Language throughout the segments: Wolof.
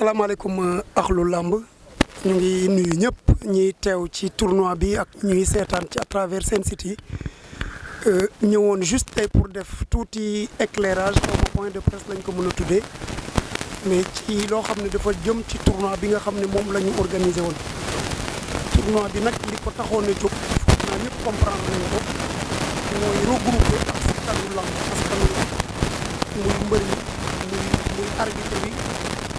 salaamaaleykum euh, axlu lamb ñu ngi nuyu ñëpp ñi teew ci tournoi bi ak ñuy sétane ci à travers seen site euh, ñëwoon juste tey pour def touti éclairage comme point de presse lañ ko mën a tuddee mais ci loo xam ne dafa jëm ci tournoi bi nga xam ne moom la ñu organisé woon tournoi bi nag li ko taxoon a jóg foog naa ñëpp comprendre nañ ko mooy regroupé ak askanu lamb parce que muy mbër yi muy muy arbitre bi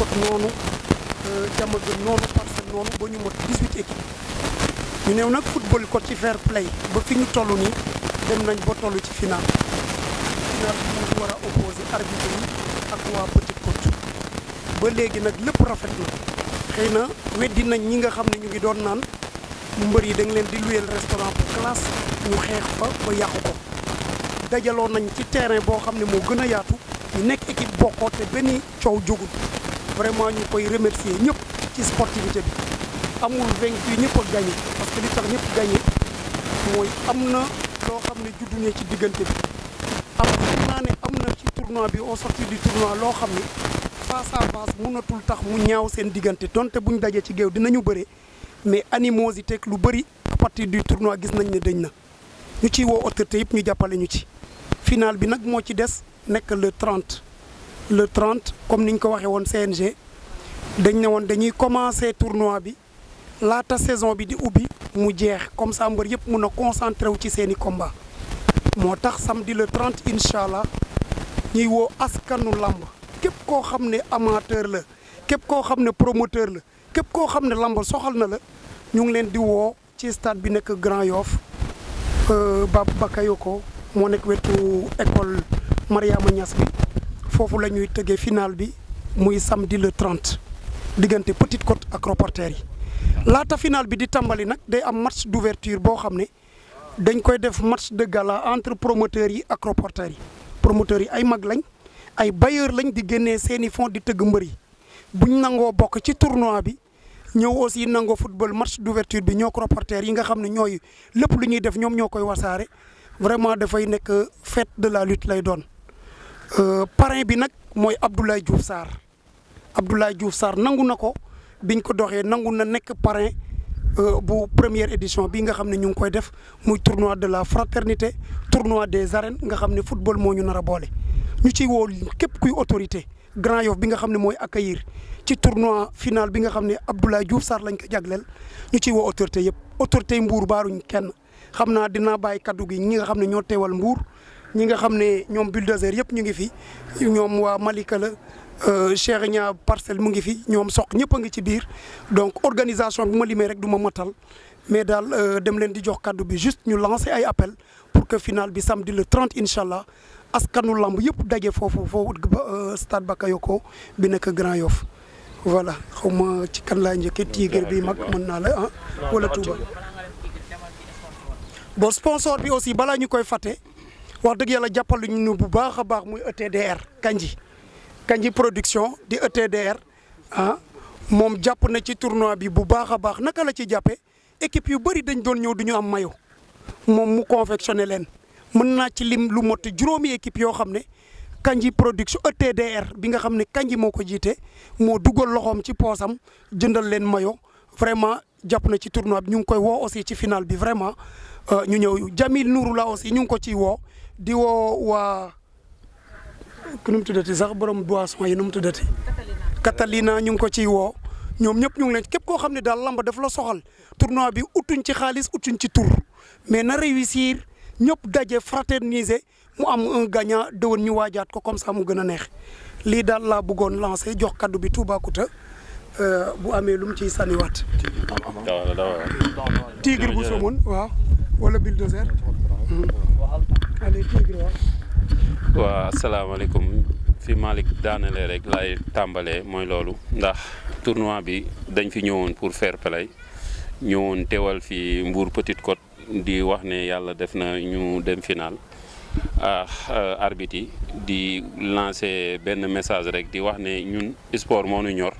Pout noonu Diamaguène euh, noonu Parcelles noonu ba ñu mot 18 équipes ñu néew nag football ko ci fair play ba fi ñu toll nii dem nañ ba toll ci final final bi war a opposé arbitre yi ak waa Petite Côte ba léegi nag lépp rafet na xëy na weddi nañ ñi nga xam ne ñu ngi doon naan mbër yi da leen di luyeel restaurant bu classe ñu xeex fa ba yàqu ko dajaloo nañ ci terrain boo xam ne moo gën a yaatu ñu nekk équipe bokkoo te benn coow jógul vraiment ñu koy remercier ñëpp ci sportivité bi amul vaincu ñëpp a gagné parce que li tax ñëpp gagné mooy am na loo xam ne juddu ne ci diggante bi am naa ne am na ci tournoi bi au sortir du tournoi loo xam ne face à face mënatul tax mu ñaaw seen diggante donte buñ dajee ci géew dinañu bëre mais animosité lu bëri à partir du tournoi gis nañ ne dañ na ñu ciy woo autorité yëpp ñu jàppale ñu ci final bi nag moo ci des nekk le 30 le 30 comme niñ ko waxé won CNG dañ né won dañuy commencer tournoi bi ta saison bi di ubi mu jeex comme ça mbeur yépp mëna wu ci seen combat motax samedi le 30 inshallah allah wo askanu lamb képp ko xamné ne amateur la képp ko xamné ne promoteur la képp ko xamné ne soxal na la ñu ngi di wo ci stade bi nek Grand Yoff euh, Bab Bakayoko mo nek wetu école Mariama bi fofu lañuy ñuy final bi muy samedi le 30 diganté Petite Côte ak reporter yi laata final bi di tambali nak day am match d'ouverture bo xamné dañ koy def match de gala entre promoteur yi ak reporter yi promoteur yi ay mag lañ ay bailleur lañ di génnee séni fonds di teug mbeuri buñ nango bok ci tournoi bi ñëw aussi nango football match d'ouverture bi ñoo ko reporter yi nga xamné ñoy lepp luñuy def ñom ñokoy wasaré vraiment da fay nek fête de la lutte lay doon Euh, parrain bi nag mooy Abdoulaye Diouf Sarr Abdoulaye Diouf Sarr nangu na ko biñ ko doxee nangu na nekk parrain euh, bu première édition bi nga xam ne ñu ngi koy def muy tournoi de la fraternité tournoi des arènes nga xam ne football moo ñu nara boole ñu ciy woo képp kuy autorité Grand Yoff bi nga xam ne mooy accueillir ci tournoi finale bi nga xam ne Abdoulaye Diouf Sarr lañ ko jagleel ñu ciy woo autorité yëpp autorité mbuur Mbour baaruñ kenn xam naa dina bàyyi kaddu gi ñi nga xam ne ñoo teewal Mbour ñi nga xam ne ñoom bulldozer yëpp ñu ngi fi ñoom waa Malika la euh, Cheikh ñaa parcelle mu ngi fi ñoom soq ñëpp a ngi ci biir donc organisation bi ma limee rek du ma matal mais daal euh, dem leen di jox kàddu bi juste ñu lancer ay appel pour que final bi samedi le 30 inshallah askanu lamb yëpp daje foofu foofu euh, stade Bakayoko bi nekk Grand Yoff voilà xaw ma ci kan laa njëkkee Tigre bi mag mën naa la ah wala Touba bon sponsor bi aussi bala ñu koy wax dëgg yàlla jàppaluñ ñu bu baax a baax muy ETDR Kandji Kandji production di ETDR ah moom jàpp na ci tournoi bi bu baax a baax naka la ci jàppee équipe yu bari dañ doon ñëw du ñu am mayo moom mu confectionné leen mën naa ci lim lu mot juróomi équipe yoo xam ne Kandji production ETDR bi nga xam ne Kandji moo ko jiite moo dugal loxoom ci poosam jëndal leen mayo vraiment jàpp na ci tournoi bi ñu ngi koy woo aussi ci final bi vraiment euh, ñu ñëw Jamil Nourou la aussi ñu ngi ko ciy woo di wa kunum ku nu buas, sax borom boisson yi nu tudati Catalina ñu ko ci wo ñom ñep ñu leen kep ko xamni ne lamb daf la soxal tournoi bi utun ci utun ci tour mais na réussir ñep daje fraterniser mu am un gagnant won ñu waajaat ko comme ça mu gëna neex li dal la bëggoon lancer jox cadeau bi euh bu amé lu mu sani wat tigre bu somone wa wala bulldozer. Hmm. waaw asalaamaaleykum fi Malick daanale rek laay tàmbalee mooy loolu ndax tournoi bi dañ fi ñëwoon pour fair play ñëwoon teewal fi Mbour Petite Côte di wax ne yàlla def na ñu dem final ah euh, arbitre di lancer benn message rek di wax ne ñun sport moo ñu ñor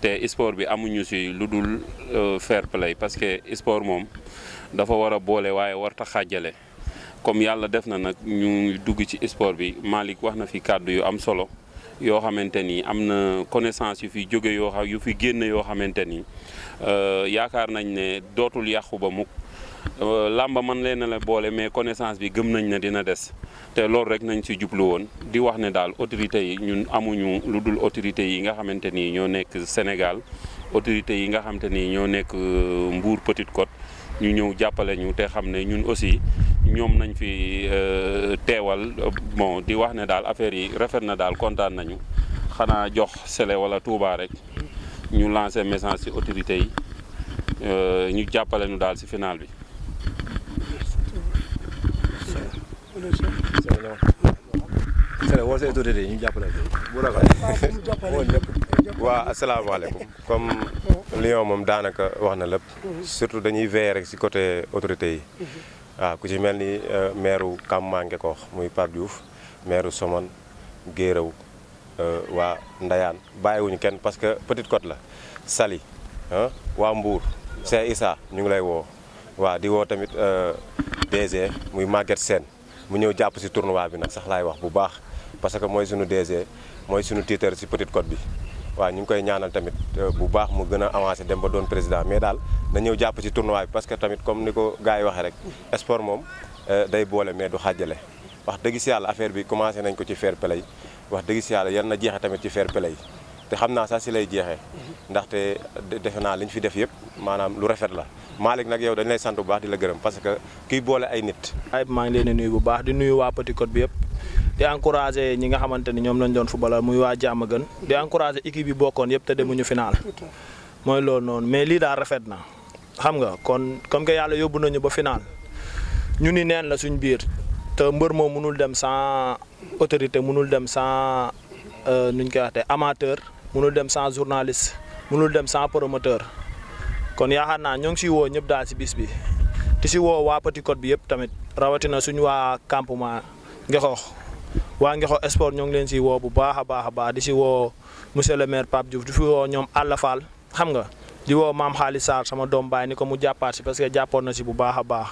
te sport bi amuñu si lu dul euh, fair play parce que sport moom dafa war a boole waaye warta xàjjale comme yàlla def na nag ñu dugg ci sport bi Malick wax na fi kàddu yu am solo yoo xamante ni am na connessance yu fi jóge yoo xam yu fi génn yoo xamante ni euh, yaakaar nañ ne dootul yàqu ba mukk euh, làmba man leen la boole mais connaissance bi gëm nañ ne dina des te loolu rek nañ si jublu woon di wax ne daal autorités yi ñun amuñu lu dul autorités yi nga xamante ni ñoo nekk Sénégal autorités yi nga xamante ni ñoo nekk euh, Mbour Petite Côte ñu ñëw jàppale ñu te xam ne ñun aussi ñoom nañ fi euh, teewal bon di wax ne daal affaire yi rafet na daal kontaan nañu xanaa jox Sélé wala Touba rek ñu lancer message ci autorité yi euh, ñu jàppale ñu daal ci final bi. Sélé woo yi ñu jàppale bu comme Lion moom daanaka wax na lépp mhm. surtout dañuy veiller rek ci côté autorité yi. Mhm. waaw ah, ku ci mel ni eh, maire Kammange Koox muy Pape Diouf maire Somone Guéréw eh, waa Ndayane bàyyiwuñu kenn parce que Petite code la Saly ah waa Mbour Cheikh Issa ñu ngi lay woo waa di woo tamit eh, DG muy Maguette seen mu ñëw jàpp si tournoi bi nag sax laay wax bu baax parce que mooy sunu DG mooy sunu titre si Petite code bi waaw ñu ngi koy ñaanal tamit euh, bu baax mu gën a avancé dem ba doon président mais daal na ñëw jàpp ci tournoi bi parce que tamit comme ni ko gars yi waxee rek sport moom euh, day boole mais du xaajale wax dëgg si affaire bi commencé nañ ko ci fair play wax dëgg si yàlla yan na jeexe tamit ci fair play te xam naa sax si lay jeexee ndaxte defe naa li ñu fi def yëpp maanaam lu rafet la maa Malick nag yow dañ lay sant bu baax di la gërëm parce que kiy boole ay nit. ay maa ngi leen di nuyu bu baax di nuyu waa Petit bi yëpp. di encourager ñi nga xamante ni ñoom lañ doon footballal muy waa jàmm gën di encourager équipe yi bokkoon yëpp te demuñu final mooy loolu melida mais hamga. rafet na xam nga kon comme que yàlla yóbbu nañu ba final ñu ni neen la suñ biir te mbër moom mënul dem sans autorité mënul dem sans euh, nuñ koy waxte amateur mënul dem sans journaliste mënul dem sans promoteur kon ya naa ñoo ngi siy woo si bis bi di wa woo waa Petite bi yëpp tamit rawatina suñu waa campement Ngexoox waa ngi Ngexo sport ñoo ngi leen si woo bu baax a baax a baax di si woo monsieur le maire Pape di fi woo ñoom Alla Fall xam nga di woo maam Xaali Sarr sama doom baay ni ko mu jàppaat si parce que jàppoon na si bu baax a baax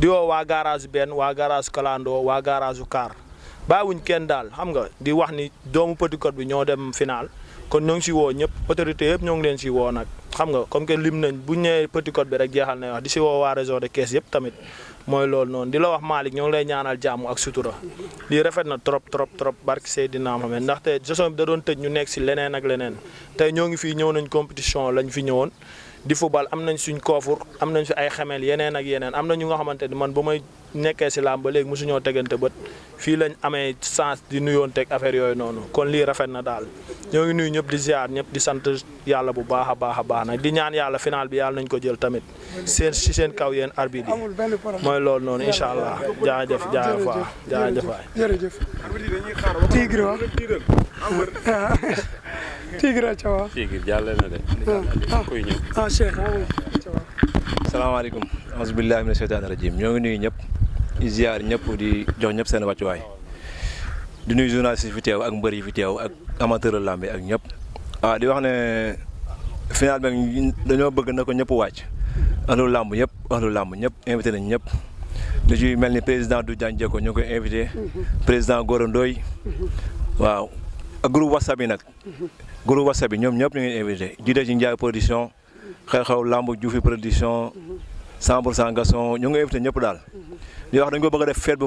di woo waa garage benn waa garage kalandoo waa garage car bàyyiwuñ kenn daal xam nga di wax ni doomu Petit Côte bi ñoo dem final kon ñoo ngi si woo ñëpp autorité yëpp ñoo ngi leen si woo nag xam nga comme que lim nañ bu ñëwee Petit rek jeexal na di si woo waa région de Thiès yëpp tamit mooy loolu noonu di la wax Malick ñoo ngi lay ñaanal jàmm ak sutura lii rafet na trop trop trop barki Seydina Mohamed ndaxte saison bi da tëj ñu nekk si leneen ak leneen tey ñoo ngi fii ñëw nañ compétition lañ fi ñëwoon di football am nañ suñ koofur am nañ si ay xamel yeneen ak yeneen am na ñu nga xamante ni man ba may nekkee si làmb ba léegi mosuñoo tegante bët fii lañ amee chance di nuyoon teg affaire yooyu noonu kon lii rafet na daal ñoo ngi nuyu ñëpp di ziar ñëpp di sant yàlla bu baax a baax a baax nag di ñaan yàlla final bi yàlla nañ ko jël tamit seen si seen kaw yéen arbitre yi mooy loolu noonu incha allah jaajëf jaajëf waay jaajëf waay. jërëjëf. Tigre tigir cawa tigir jàlle na de kuy ñëw ah cheikh cawa salaamaaleykum aousubillahi mina sheytaani rajim ñoo ngi nuyu ñëpp di ziar ñëpp di jox ñëpp seen wàccuwaay di nuyu journaliste yi fi teew ak mbër yi fi teew ak amateur lamb ak ñëpp ah di wax ne final bi dañoo bëgg na ko ñëpp wàcc ahlu lamb ñëpp ahlu lamb ñëpp invité nañ ñëpp lu ci mel président du Diagne Diécko ñu ngi invité mm-hmm. président Gora mm-hmm. waaw ak groupe WhatsApp yi nag mm-hmm. Guru WhatsApp bi sommes tous ñu ngi a production production 100 garçon, ñu ngi de fête quoi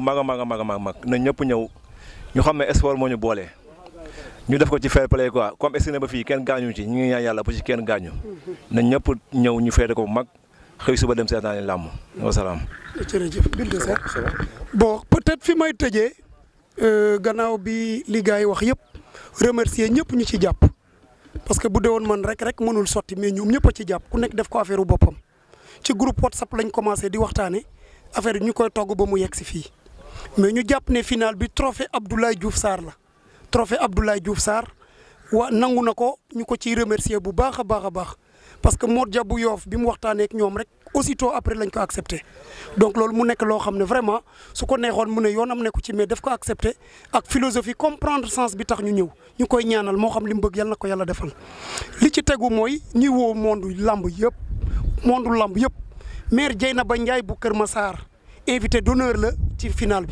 comme mag dem peut-être euh, bi parce que bu dee woon man rek rek mënul sotti mais ñoom ñëpp ci jàpp ku nekk def ko affaire boppam ci groupe WhatsApp lañ commencé di waxtaane affaire yi ñu koy togg ba mu yegg si fii mais ñu jàpp ne final bi trophée Abdoulaye Diouf saar la trophée Abdoulaye Diouf saar wa nangu na ko ñu ko ciy remercier bu baax a baax a baax parce que moo Dia bu yoof bi mu waxtaanee ak ñoom rek. aussitôt après lañ ko accepté donc loolu mu nekk loo xam vraiment su ko neexoon mu ne yoonam nekku ci mais daf accepté ak philosophie comprendre sens bi tax ñu ñëw ñu koy ñaanal moo xam bëgg na ko yàlla defal li ci tegu mooy ñuy woo monde lamb yëpp monde lamb yëpp maire Dieynaba Ndiaye bu Kër éviter d'honneur le ci final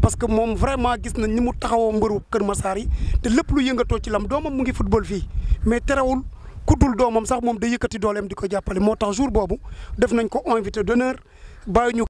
parce que mon vraiment gis nañ ni mu taxawoo mbëru Kër Massar yi te lépp lu yëngatoo ci lam doomam mu ngi football vie mais terewul kudul dul doomam sax moom day yëkkati dooleem di ko jàppale moo tax jour boobu def nañ ko invité d'honneur bàyyi ñu